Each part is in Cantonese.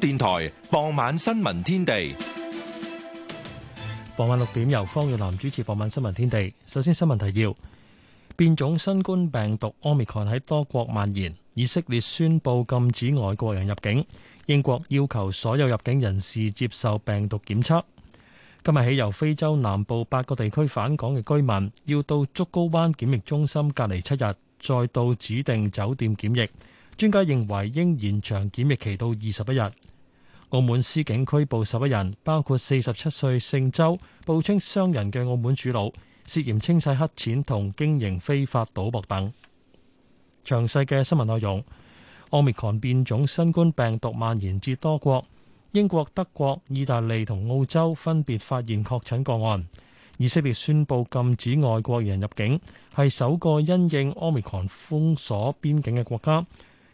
電台傍，傍晚新聞天地，傍晚六點由方若男主持。傍晚新聞天地，首先新聞提要：變種新冠病毒 Omicron 喺多國蔓延。以色列宣布禁止外國人入境。英國要求所有入境人士接受病毒檢測。今日起，由非洲南部八個地區返港嘅居民要到竹篙灣檢疫中心隔離七日，再到指定酒店檢疫。專家認為應延長檢疫期到二十一日。澳門司警拘捕十一人，包括四十七歲姓周，報稱商人嘅澳門主腦，涉嫌清洗黑錢同經營非法賭博等。詳細嘅新聞內容：Omicron 變種新冠病毒蔓延至多國，英國、德國、意大利同澳洲分別發現確診個案。以色列宣布禁止外國人入境，係首個因應 Omicron 封鎖邊境嘅國家。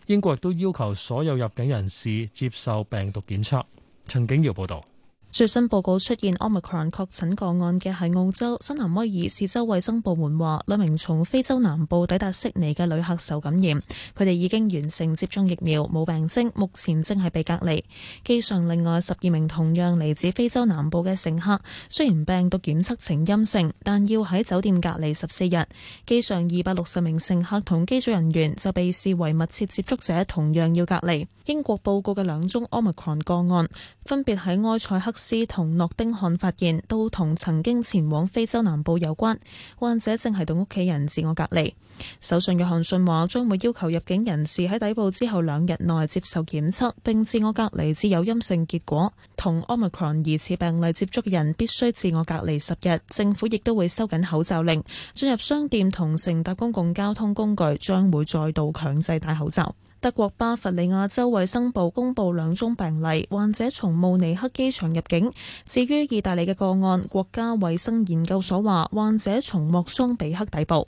英國亦都要求所有入境人士接受病毒檢測。陳景耀報道。最新報告出現 Omicron 確診個案嘅係澳洲，新南威爾士州衛生部門話，兩名從非洲南部抵達悉尼嘅旅客受感染，佢哋已經完成接種疫苗，冇病徵，目前正係被隔離。機上另外十二名同樣嚟自非洲南部嘅乘客，雖然病毒檢測呈陰性，但要喺酒店隔離十四日。機上二百六十名乘客同機組人員就被視為密切接觸者，同樣要隔離。英國報告嘅兩宗 Omicron 個案，分別喺埃塞克斯同諾丁漢發現，都同曾經前往非洲南部有關，患者正係同屋企人自我隔離。首相約翰遜話，將會要求入境人士喺抵埗之後兩日內接受檢測，並自我隔離至有陰性結果。同 Omicron 疑似病例接觸嘅人必須自我隔離十日。政府亦都會收緊口罩令，進入商店同乘搭公共交通工具將會再度強制戴口罩。德國巴伐利亞州衛生部公布兩宗病例，患者從慕尼黑機場入境。至於意大利嘅個案，國家衛生研究所話，患者從莫桑比克抵埗。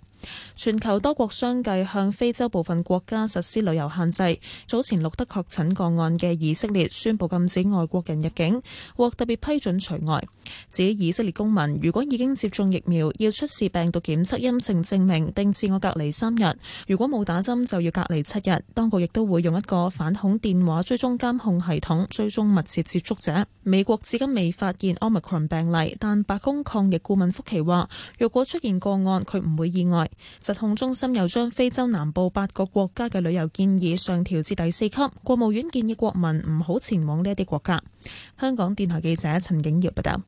全球多國相繼向非洲部分國家實施旅遊限制。早前錄得確診個案嘅以色列宣布禁止外國人入境，獲特別批准除外。至於以色列公民如果已經接種疫苗，要出示病毒檢測陰性證明，並自我隔離三日；如果冇打針就要隔離七日。當局亦都會用一個反恐電話追蹤監控系統追蹤密切接觸者。美國至今未發現 Omicron 病例，但白宮抗疫顧問福奇話，若果出現個案，佢唔會意外。疾控中心又將非洲南部八個國家嘅旅遊建議上調至第四級，國務院建議國民唔好前往呢一啲國家。香港電台記者陳景耀報道。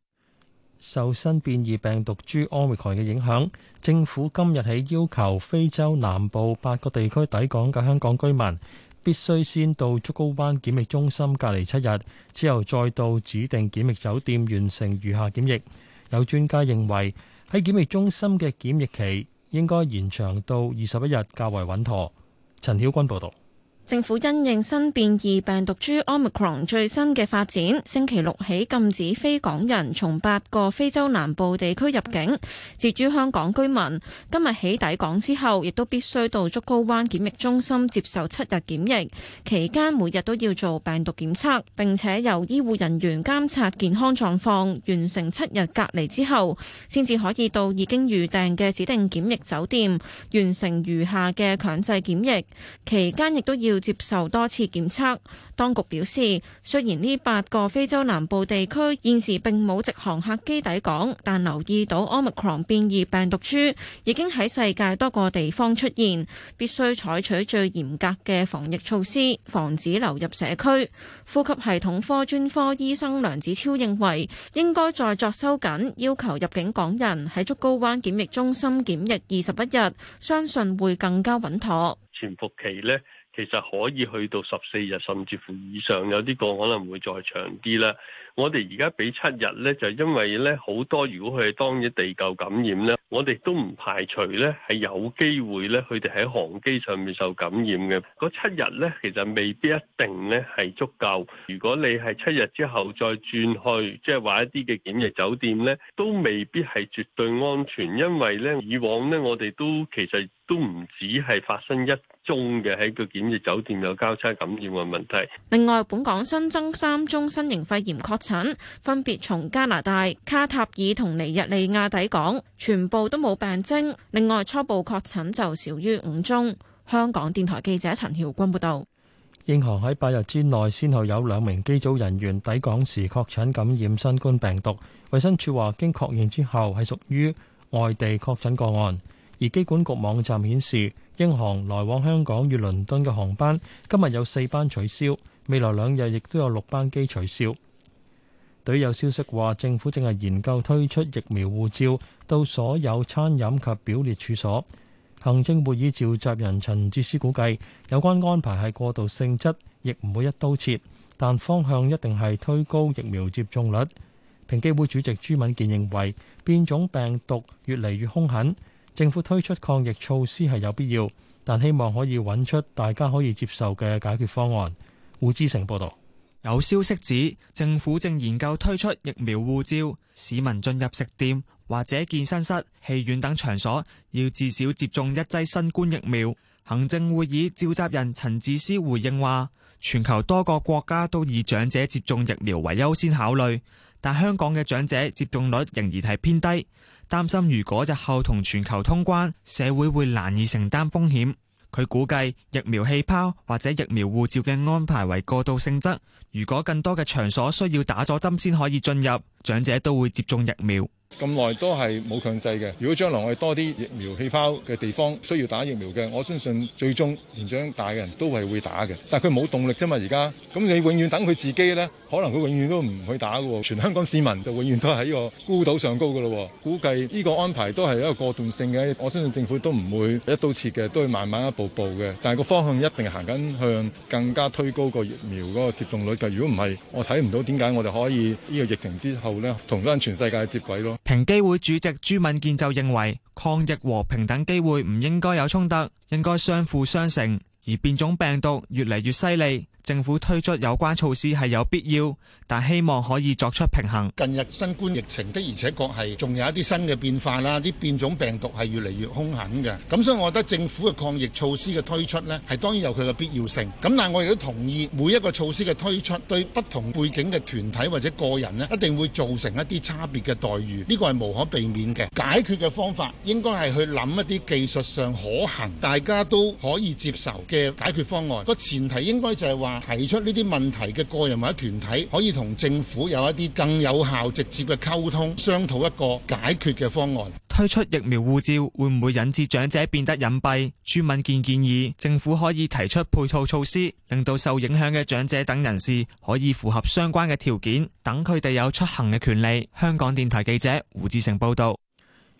受新變異病毒株 Omicron 嘅影響，政府今日起要求非洲南部八個地區抵港嘅香港居民，必須先到竹篙灣檢疫中心隔離七日，之後再到指定檢疫酒店完成餘下檢疫。有專家認為，喺檢疫中心嘅檢疫期應該延長到二十一日，較為穩妥。陳曉君報導。政府因應新變異病毒株 omicron 最新嘅發展，星期六起禁止非港人從八個非洲南部地區入境，至於香港居民今日起抵港之後，亦都必須到竹篙灣檢疫中心接受七日檢疫，期間每日都要做病毒檢測，並且由醫護人員監察健康狀況。完成七日隔離之後，先至可以到已經預訂嘅指定檢疫酒店完成餘下嘅強制檢疫，期間亦都要接受多次檢測，當局表示，雖然呢八個非洲南部地區現時並冇直航客機抵港，但留意到 omicron 變異病毒株已經喺世界多個地方出現，必須採取最嚴格嘅防疫措施，防止流入社區。呼吸系統科專科醫生梁子超認為，應該再作收緊要求，入境港人喺竹篙灣檢疫中心檢疫二十一日，相信會更加穩妥。潛伏期咧？其實可以去到十四日，甚至乎以上，有啲個可能會再長啲啦。我哋而家俾七日呢，就因為呢好多，如果佢係當日地夠感染呢，我哋都唔排除呢係有機會呢，佢哋喺航機上面受感染嘅。嗰七日呢，其實未必一定呢係足夠。如果你係七日之後再轉去，即係話一啲嘅檢疫酒店呢，都未必係絕對安全，因為呢以往呢，我哋都其實。都唔止係發生一宗嘅喺個檢疫酒店有交叉感染嘅問題。另外，本港新增三宗新型肺炎確診，分別從加拿大、卡塔爾同尼日利亞抵港，全部都冇病徵。另外，初步確診就少於五宗。香港電台記者陳曉君報道，英航喺八日之內，先後有兩名機組人員抵港時確診感染新冠病毒。衞生署話，經確認之後係屬於外地確診個案。而機管局網站顯示，英航來往香港與倫敦嘅航班今日有四班取消，未來兩日亦都有六班機取消。對於有消息話，政府正係研究推出疫苗護照到所有餐飲及表列處所。行政會議召集人陳智思估計，有關安排係過渡性質，亦唔會一刀切，但方向一定係推高疫苗接種率。平機會主席朱敏健認為，變種病毒越嚟越兇狠。政府推出抗疫措施係有必要，但希望可以搵出大家可以接受嘅解決方案。胡之成報道，有消息指政府正研究推出疫苗護照，市民進入食店或者健身室、戲院等場所要至少接種一劑新冠疫苗。行政會議召集人陳智思回應話，全球多個國家都以長者接種疫苗為優先考慮，但香港嘅長者接種率仍然係偏低。擔心如果日後同全球通關，社會會難以承擔風險。佢估計疫苗氣泡或者疫苗護照嘅安排為過渡性質。如果更多嘅場所需要打咗針先可以進入，長者都會接種疫苗。咁耐都係冇強制嘅。如果將來我哋多啲疫苗氣泡嘅地方需要打疫苗嘅，我相信最終年長大嘅人都係會打嘅。但係佢冇動力啫嘛，而家咁你永遠等佢自己咧，可能佢永遠都唔去打嘅。全香港市民就永遠都係喺個孤島上高噶咯。估計呢個安排都係一個過渡性嘅，我相信政府都唔會一刀切嘅，都會慢慢一步步嘅。但係個方向一定行緊向更加推高個疫苗嗰個接種率嘅。如果唔係，我睇唔到點解我哋可以呢個疫情之後咧，同返全世界接軌咯。平機會主席朱敏健就認為，抗疫和平等機會唔應該有衝突，應該相輔相成。而變種病毒越嚟越犀利。政府推出有關措施係有必要，但希望可以作出平衡。近日新冠疫情的而且確係仲有一啲新嘅變化啦，啲變種病毒係越嚟越兇狠嘅。咁所以我覺得政府嘅抗疫措施嘅推出呢，係當然有佢嘅必要性。咁但係我亦都同意每一個措施嘅推出，對不同背景嘅團體或者個人呢，一定會造成一啲差別嘅待遇。呢個係無可避免嘅。解決嘅方法應該係去諗一啲技術上可行，大家都可以接受嘅解決方案。個前提應該就係話，提出呢啲問題嘅個人或者團體可以同政府有一啲更有效、直接嘅溝通，商討一個解決嘅方案。推出疫苗護照會唔會引致長者變得隱蔽？朱敏健建議政府可以提出配套措施，令到受影響嘅長者等人士可以符合相關嘅條件，等佢哋有出行嘅權利。香港電台記者胡志成報道。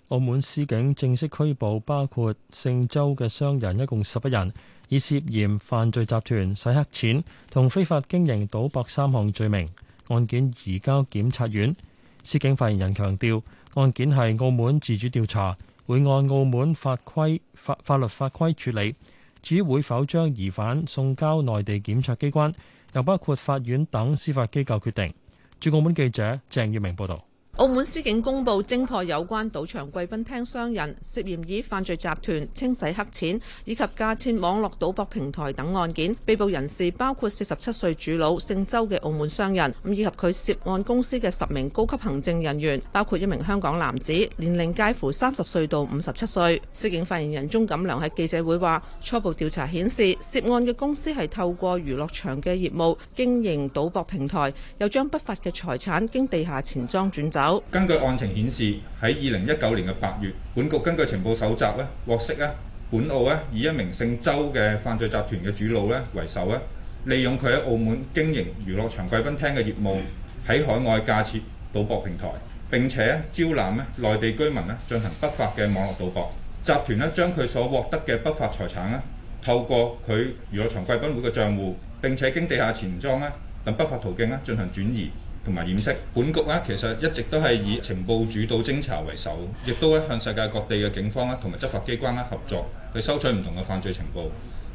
澳門司警正式拘捕包括姓周嘅商人，一共十一人。以涉嫌犯罪集團洗黑錢同非法經營賭博三項罪名，案件移交檢察院。司警發言人強調案件係澳門自主調查，會按澳門法規法法律法規處理。至於會否將疑犯送交內地檢察機關又包括法院等司法機構決定。駐澳門記者鄭月明報道。澳門司警公布偵破有關賭場貴賓廳商人涉嫌以犯罪集團清洗黑錢以及架設網絡賭博平台等案件，被捕人士包括四十七歲主腦姓周嘅澳門商人，咁以及佢涉案公司嘅十名高級行政人員，包括一名香港男子，年齡介乎三十歲到五十七歲。司警發言人鍾錦良喺記者會話：初步調查顯示，涉案嘅公司係透過娛樂場嘅業務經營賭博平台，又將不法嘅財產經地下錢莊轉走。根據案情顯示，喺二零一九年嘅八月，本局根據情報搜集咧，獲悉咧，本澳咧以一名姓周嘅犯罪集團嘅主腦咧為首咧，利用佢喺澳門經營娛樂場貴賓廳嘅業務，喺海外架設賭博平台，並且招攬咧內地居民呢進行不法嘅網絡賭博。集團呢將佢所獲得嘅不法財產咧，透過佢娛樂場貴賓會嘅帳戶，並且經地下錢莊咧等不法途徑咧進行轉移。同埋掩飾。本局咧其實一直都係以情報主導偵查為首，亦都咧向世界各地嘅警方咧同埋執法機關咧合作，去收取唔同嘅犯罪情報。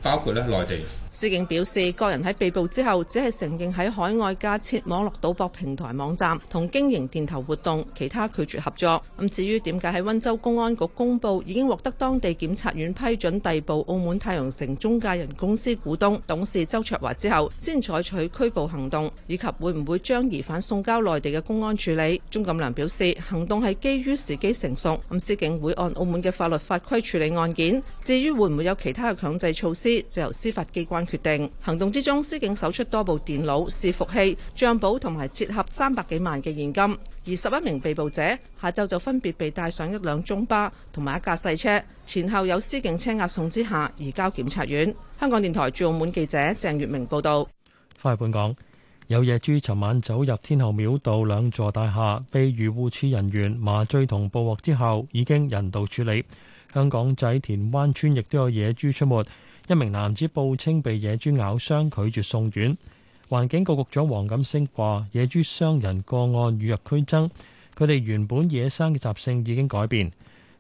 包括咧，內地司警表示，個人喺被捕之後，只係承認喺海外架設網絡賭博平台網站同經營電頭活動，其他拒絕合作。咁至於點解喺溫州公安局公佈已經獲得當地檢察院批准逮捕澳門太陽城中介人公司股東董事周卓華之後，先採取拘捕行動，以及會唔會將疑犯送交內地嘅公安處理？鍾錦良表示，行動係基於時機成熟，咁司警會按澳門嘅法律法規處理案件。至於會唔會有其他嘅強制措施？就由司法機關決定。行動之中，司警搜出多部電腦、伺服器、賬簿，同埋折合三百幾萬嘅現金。而十一名被捕者下晝就分別被帶上一輛中巴同埋一架細車，前後有司警車押送之下移交檢察院。香港電台駐澳門記者鄭月明報道。返嚟本港，有野豬尋晚走入天后廟道兩座大廈，被漁護處人員麻醉同捕獲之後，已經人道處理。香港仔田灣村亦都有野豬出沒。一名男子報稱被野豬咬傷，拒絕送院。環境局局長黃錦星話：野豬傷人個案與日俱增，佢哋原本野生嘅習性已經改變，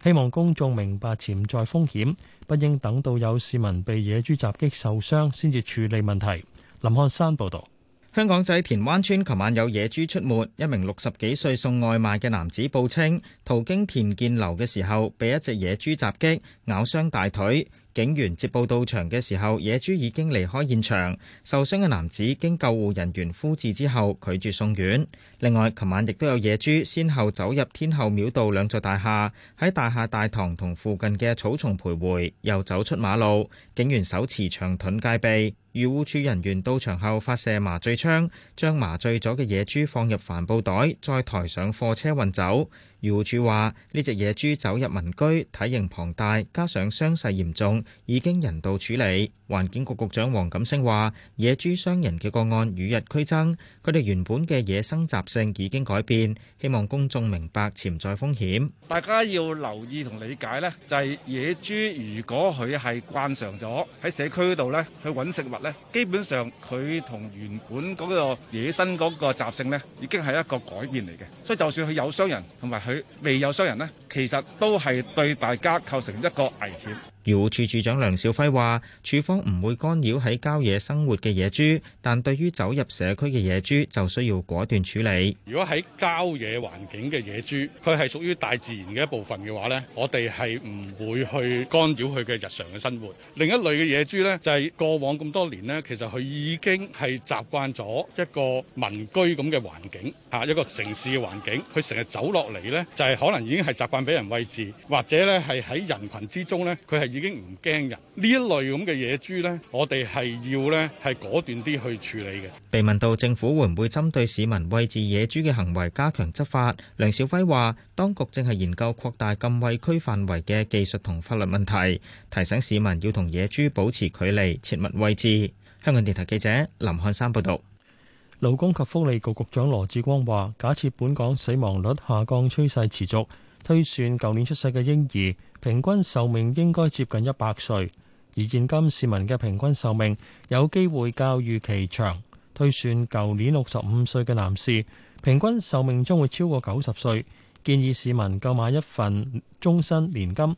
希望公眾明白潛在風險，不應等到有市民被野豬襲擊受傷先至處理問題。林漢山報道：香港仔田灣村琴晚有野豬出沒，一名六十幾歲送外賣嘅男子報稱，途經田建樓嘅時候被一隻野豬襲擊，咬傷大腿。警員接報到場嘅時候，野豬已經離開現場。受傷嘅男子經救護人員敷治之後，拒絕送院。另外，琴晚亦都有野豬先後走入天后廟道兩座大廈，喺大廈大堂同附近嘅草叢徘徊，又走出馬路。警員手持長盾戒備。漁護署人員到場後，發射麻醉槍，將麻醉咗嘅野豬放入帆布袋，再抬上貨車運走。漁護署話：呢隻野豬走入民居，體型龐大，加上傷勢嚴重，已經人道處理。環境局局長黃錦星話：野豬傷人嘅個案與日俱增，佢哋原本嘅野生習性已經改變，希望公眾明白潛在風險。大家要留意同理解呢，就係野豬如果佢係慣常咗喺社區嗰度呢，去搵食物。基本上佢同原本嗰個野生嗰個習性咧，已經係一個改變嚟嘅。所以就算佢有傷人，同埋佢未有傷人咧，其實都係對大家構成一個危險。漁護署署長梁兆輝話，署方唔會干擾喺郊野生活嘅野豬，但對於走入社區嘅野豬，就需要果斷處理。如果喺郊野環境嘅野豬，佢係屬於大自然嘅一部分嘅話呢，我哋係唔會去干擾佢嘅日常嘅生活。另一類嘅野豬呢，就係、是、過往咁多年呢，其實佢已經係習慣咗一個民居咁嘅環境，吓一個城市嘅環境，佢成日走落嚟呢，就係、是、可能已經係習慣俾人餵食，或者呢係喺人群之中呢，佢係。已經唔驚㗎，呢一類咁嘅野豬呢，我哋係要呢，係果斷啲去處理嘅。被問到政府會唔會針對市民餵置野豬嘅行為加強執法，梁兆輝話：當局正係研究擴大禁餵區範圍嘅技術同法律問題，提醒市民要同野豬保持距離，切勿餵置。香港電台記者林漢山報道，勞工及福利局局長羅志光話：假設本港死亡率下降趨勢持續，推算舊年出世嘅嬰兒，平均壽命應該接近一百歲，而現今市民嘅平均壽命有機會較預期長。推算舊年六十五歲嘅男士，平均壽命將會超過九十歲。建議市民購買一份終身年金。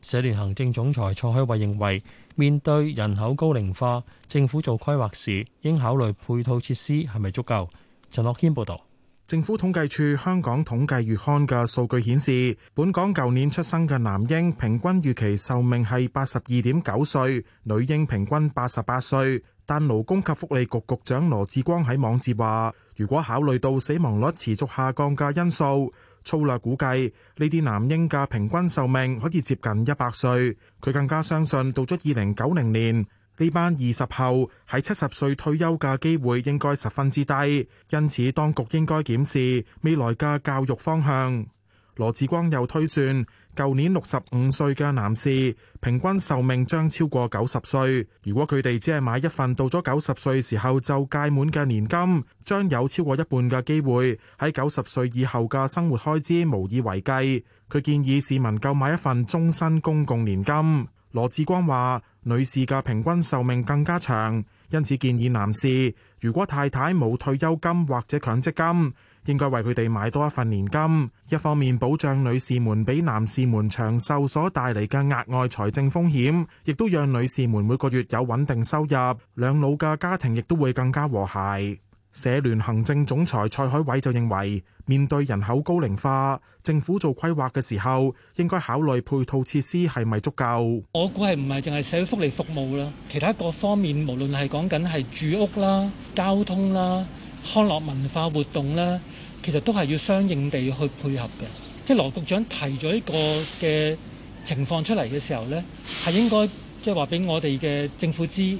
社聯行政總裁蔡海偉認為，面對人口高齡化，政府做規劃時應考慮配套設施係咪足夠。陳樂軒報道。100 65 90政府統計處《香港統計月刊》嘅數據顯示，本港舊年出生嘅男嬰平均預期壽命係八十二點九歲，女嬰平均八十八歲。但勞工及福利局局長羅致光喺網誌話，如果考慮到死亡率持續下降嘅因素，粗略估計呢啲男嬰嘅平均壽命可以接近一百歲，佢更加相信，到咗二零九零年。呢班二十後喺七十歲退休嘅機會應該十分之低，因此當局應該檢視未來嘅教育方向。羅致光又推算，舊年六十五歲嘅男士平均壽命將超過九十歲。如果佢哋只係買一份到咗九十歲時候就屆滿嘅年金，將有超過一半嘅機會喺九十歲以後嘅生活開支無以為繼。佢建議市民購買一份終身公共年金。羅致光話。女士嘅平均壽命更加長，因此建議男士如果太太冇退休金或者強積金，應該為佢哋買多一份年金。一方面保障女士們畀男士們長壽所帶嚟嘅額外財政風險，亦都讓女士們每個月有穩定收入，兩老嘅家庭亦都會更加和諧。社聯行政總裁蔡海偉就認為，面對人口高齡化，政府做規劃嘅時候，應該考慮配套設施係咪足夠。我估係唔係淨係社會福利服務啦，其他各方面無論係講緊係住屋啦、交通啦、康樂文化活動啦，其實都係要相應地去配合嘅。即係羅局長提咗一個嘅情況出嚟嘅時候呢，係應該即係話俾我哋嘅政府知。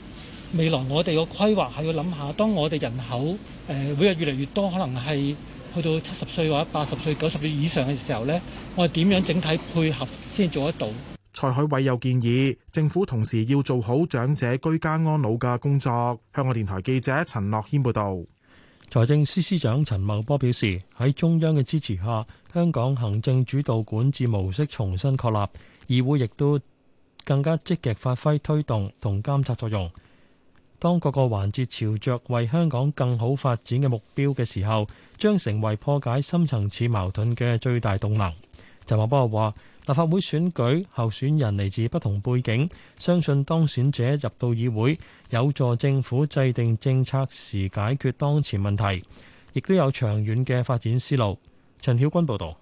未來我哋個規劃係要諗下，當我哋人口誒每日越嚟越多，可能係去到七十歲或者八十歲、九十歲以上嘅時候呢，我哋點樣整體配合先做得到？蔡海偉又建議政府同時要做好長者居家安老嘅工作。香港電台記者陳樂軒報導。財政司司長陳茂波表示，喺中央嘅支持下，香港行政主導管治模式重新確立，議會亦都更加積極發揮推動同監察作用。當各個環節朝着為香港更好發展嘅目標嘅時候，將成為破解深層次矛盾嘅最大動能。陳茂波話：立法會選舉候選人嚟自不同背景，相信當選者入到議會，有助政府制定政策時解決當前問題，亦都有長遠嘅發展思路。陳曉君報導。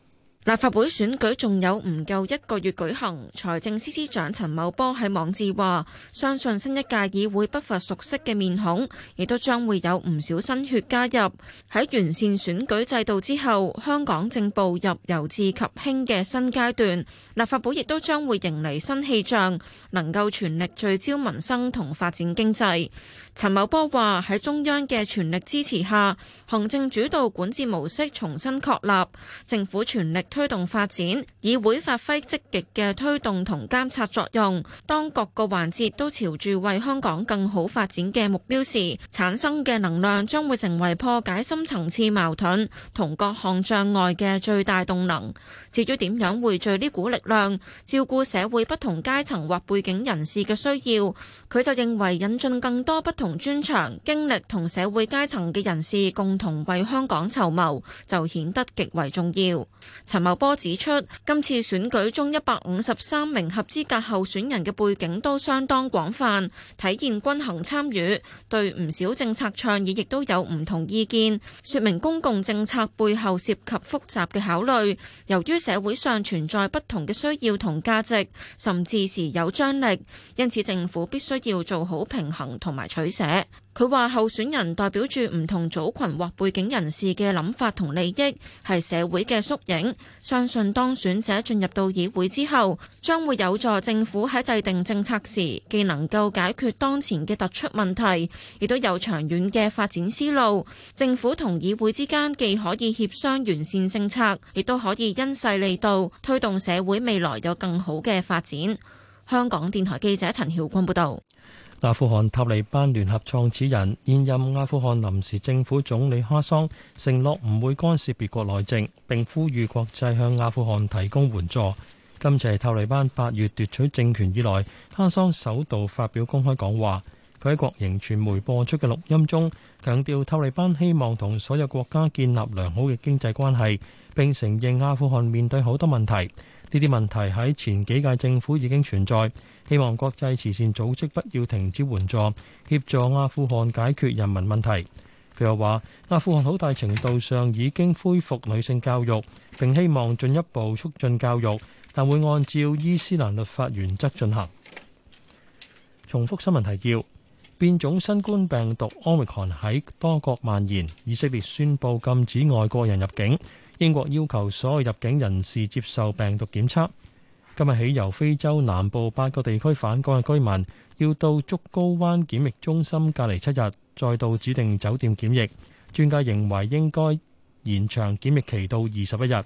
立法會選舉仲有唔夠一個月舉行，財政司司長陳茂波喺網誌話：相信新一屆議會不乏熟悉嘅面孔，亦都將會有唔少新血加入。喺完善選舉制度之後，香港正步入由治及興嘅新階段，立法會亦都將會迎嚟新氣象，能夠全力聚焦民生同發展經濟。陳茂波話：喺中央嘅全力支持下，行政主導管治模式重新確立，政府全力推動發展，議會發揮積極嘅推動同監察作用。當各個環節都朝住為香港更好發展嘅目標時，產生嘅能量將會成為破解深層次矛盾同各項障礙嘅最大動能。至於點樣匯聚呢股力量，照顧社會不同階層或背景人士嘅需要，佢就認為引進更多不同專長、經歷同社會階層嘅人士共同為香港籌謀，就顯得極為重要。尋茂波指出，今次選舉中一百五十三名合資格候選人嘅背景都相當廣泛，體現均衡參與，對唔少政策倡議亦都有唔同意見，說明公共政策背後涉及複雜嘅考慮。由於社會上存在不同嘅需要同價值，甚至時有張力，因此政府必須要做好平衡同埋取捨。佢話：候選人代表住唔同組群或背景人士嘅諗法同利益，係社會嘅縮影。相信當選者進入到議會之後，將會有助政府喺制定政策時，既能夠解決當前嘅突出問題，亦都有長遠嘅發展思路。政府同議會之間既可以協商完善政策，亦都可以因勢利導推動社會未來有更好嘅發展。香港電台記者陳曉君報道。阿富汗塔利班聯合創始人、現任阿富汗臨時政府總理哈桑承諾唔會干涉別國內政，並呼籲國際向阿富汗提供援助。今次係塔利班八月奪取政權以來，哈桑首度發表公開講話，佢喺國營傳媒播出嘅錄音中，強調塔利班希望同所有國家建立良好嘅經濟關係，並承認阿富汗面對好多問題。呢啲問題喺前幾屆政府已經存在，希望國際慈善組織不要停止援助，協助阿富汗解決人民問題。佢又話：阿富汗好大程度上已經恢復女性教育，並希望進一步促進教育，但會按照伊斯蘭律法原則進行。重複新聞提要：變種新冠病毒 Omicron 喺多國蔓延，以色列宣布禁止外國人入境。英國要求所有入境人士接受病毒檢測。今日起，由非洲南部八個地區返港嘅居民，要到竹篙灣檢疫中心隔離七日，再到指定酒店檢疫。專家認為應該延長檢疫期到二十一日。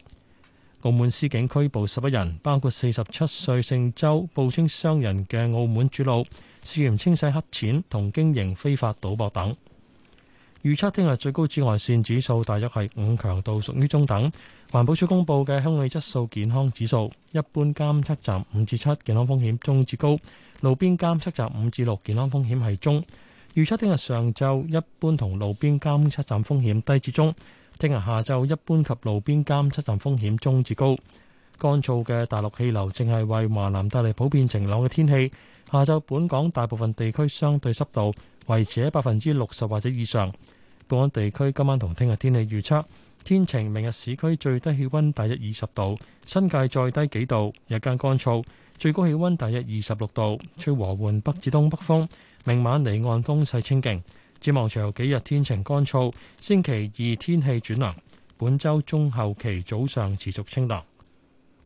澳門司警拘捕十一人，包括四十七歲姓周，報稱商人嘅澳門主路涉嫌清洗黑錢同經營非法賭博等。預測聽日最高紫外線指數大約係五強度，屬於中等。環保署公布嘅空氣質素健康指數，一般監測站五至七，健康風險中至高；路邊監測站五至六，健康風險係中。預測聽日上晝一般同路邊監測站風險低至中，聽日下晝一般及路邊監測站風險中至高。乾燥嘅大陸氣流正係為華南帶嚟普遍晴朗嘅天氣，下晝本港大部分地區相對濕度，維持喺百分之六十或者以上。本港地區今晚同聽日天氣預測：天晴，明日市區最低氣溫大約二十度，新界再低幾度，日間乾燥，最高氣溫大約二十六度，吹和緩北至東北風。明晚離岸風勢清勁。展望隨後幾日天晴乾燥，星期二天氣轉涼，本周中後期早上持續清涼。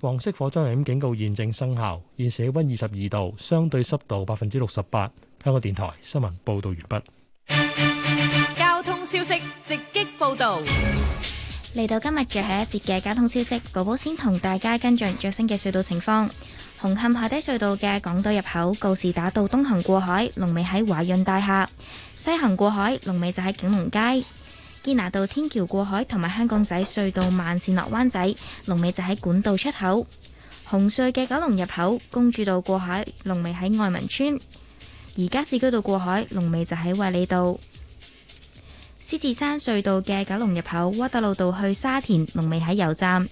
黃色火災危險警告現正生效，現時氣溫二十二度，相對濕度百分之六十八。香港電台新聞報道完畢。交通消息直擊報道。嚟到今日嘅第一節嘅交通消息。寶寶先同大家跟進最新嘅隧道情況。紅磡海底隧道嘅港島入口告士打道東行過海，龍尾喺華潤大廈；西行過海，龍尾就喺景隆街。堅拿道天橋過海同埋香港仔隧道慢線落灣仔，龍尾就喺管道出口。紅隧嘅九龍入口公主道過海，龍尾喺愛民村。而家市區到過海，龍尾就喺惠利道；獅子山隧道嘅九龍入口，窩打老道去沙田，龍尾喺油站；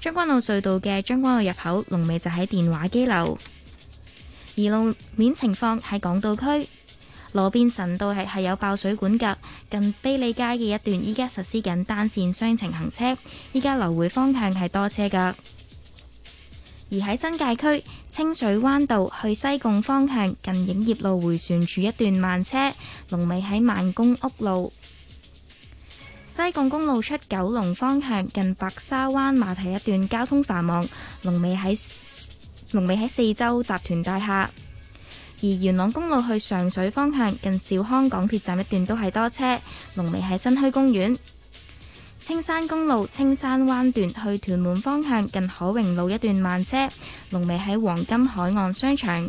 將軍澳隧道嘅將軍澳入口，龍尾就喺電話機樓。而路面情況喺港島區，羅便臣道係係有爆水管噶，近卑利街嘅一段，依家實施緊單線雙程行車，依家流回方向係多車噶。而喺新界區清水灣道去西貢方向近影業路迴旋處一段慢車，龍尾喺孟公屋路；西貢公路出九龍方向近白沙灣碼頭一段交通繁忙，龍尾喺龍尾喺四洲集團大廈。而元朗公路去上水方向近兆康港鐵站一段都係多車，龍尾喺新墟公園。青山公路青山灣段去屯門方向近可榮路一段慢車，龍尾喺黃金海岸商場。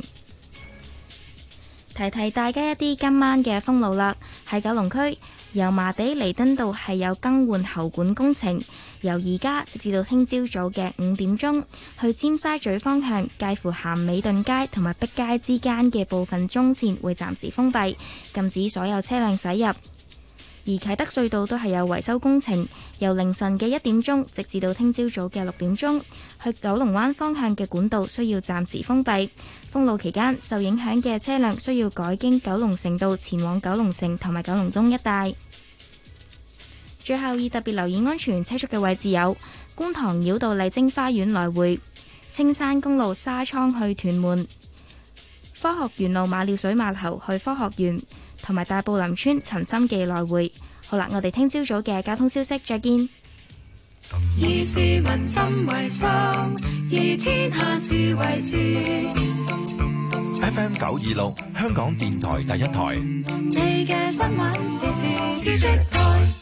提提大家一啲今晚嘅封路啦，喺九龍區油麻地彌敦道係有更換喉管工程，由而家直至到聽朝早嘅五點鐘，去尖沙咀方向介乎咸美頓街同埋碧街之間嘅部分中線會暫時封閉，禁止所有車輛駛入。而啟德隧道都係有維修工程，由凌晨嘅一點鐘直至到聽朝早嘅六點鐘，去九龍灣方向嘅管道需要暫時封閉。封路期間，受影響嘅車輛需要改經九龍城道前往九龍城同埋九龍東一帶。最後，要特別留意安全車速嘅位置有觀塘繞道麗晶花園來回、青山公路沙倉去屯門、科學園路馬料水碼頭去科學園。同埋大埔林村陳心記來回，好啦，我哋聽朝早嘅交通消息再見。以市民心為心，以天下事為事。F M 九二六，香港電台第一台。你嘅新聞，時時知識台。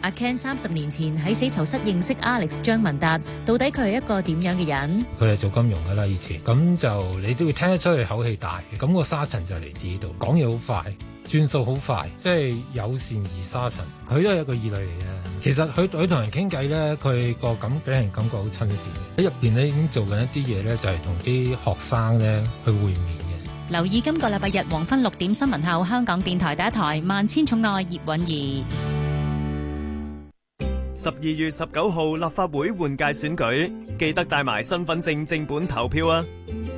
阿 Ken 三十年前喺死囚室認識 Alex 張文達，到底佢係一個點樣嘅人？佢係做金融噶啦，以前咁就你都會聽得出佢口氣大，咁個沙塵就嚟自呢度，講嘢好快，轉數好快，即係友善而沙塵。佢都係一個異類嚟嘅，其實佢佢同人傾偈咧，佢個感俾人感覺好親善。喺入邊咧已經做緊一啲嘢咧，就係同啲學生咧去會面嘅。留意今個禮拜日黃昏六點新聞後，香港電台第一台《萬千寵愛》葉韻儀。十二月十九號立法會換屆選舉，記得帶埋身份證正本投票啊！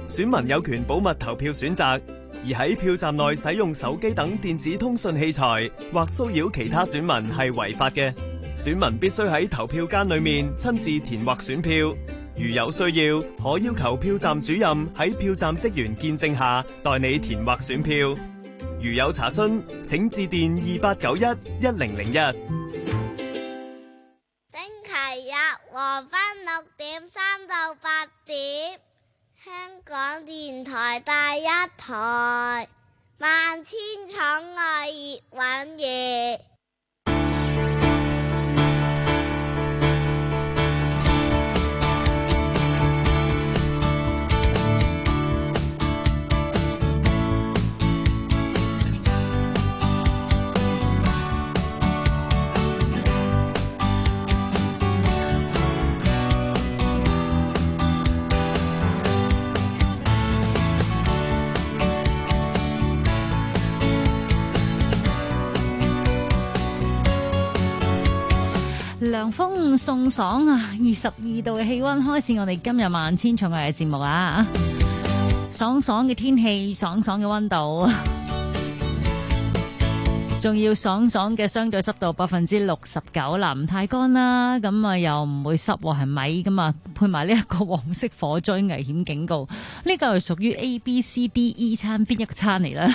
選民有權保密投票選擇，而喺票站內使用手機等電子通訊器材或騷擾其他選民係違法嘅。選民必須喺投票間裏面親自填劃選票，如有需要可要求票站主任喺票站職員見證下代你填劃選票。如有查詢，請致電二八九一一零零一。黃昏六點三到八點，香港電台第一台，萬千寵愛葉蘊儀。風送爽啊！二十二度嘅氣溫，開始我哋今日萬千寵愛嘅節目啊！爽爽嘅天氣，爽爽嘅溫度，仲要爽爽嘅相對濕度百分之六十九啦，唔太乾啦，咁啊又唔會濕喎，係咪？噶嘛，配埋呢一個黃色火災危險警告，呢、這個係屬於 A、B、C、D、E 餐邊一個餐嚟啦。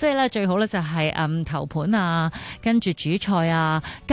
即係咧，最好咧就係、是、嗯頭盤啊，跟住主菜啊。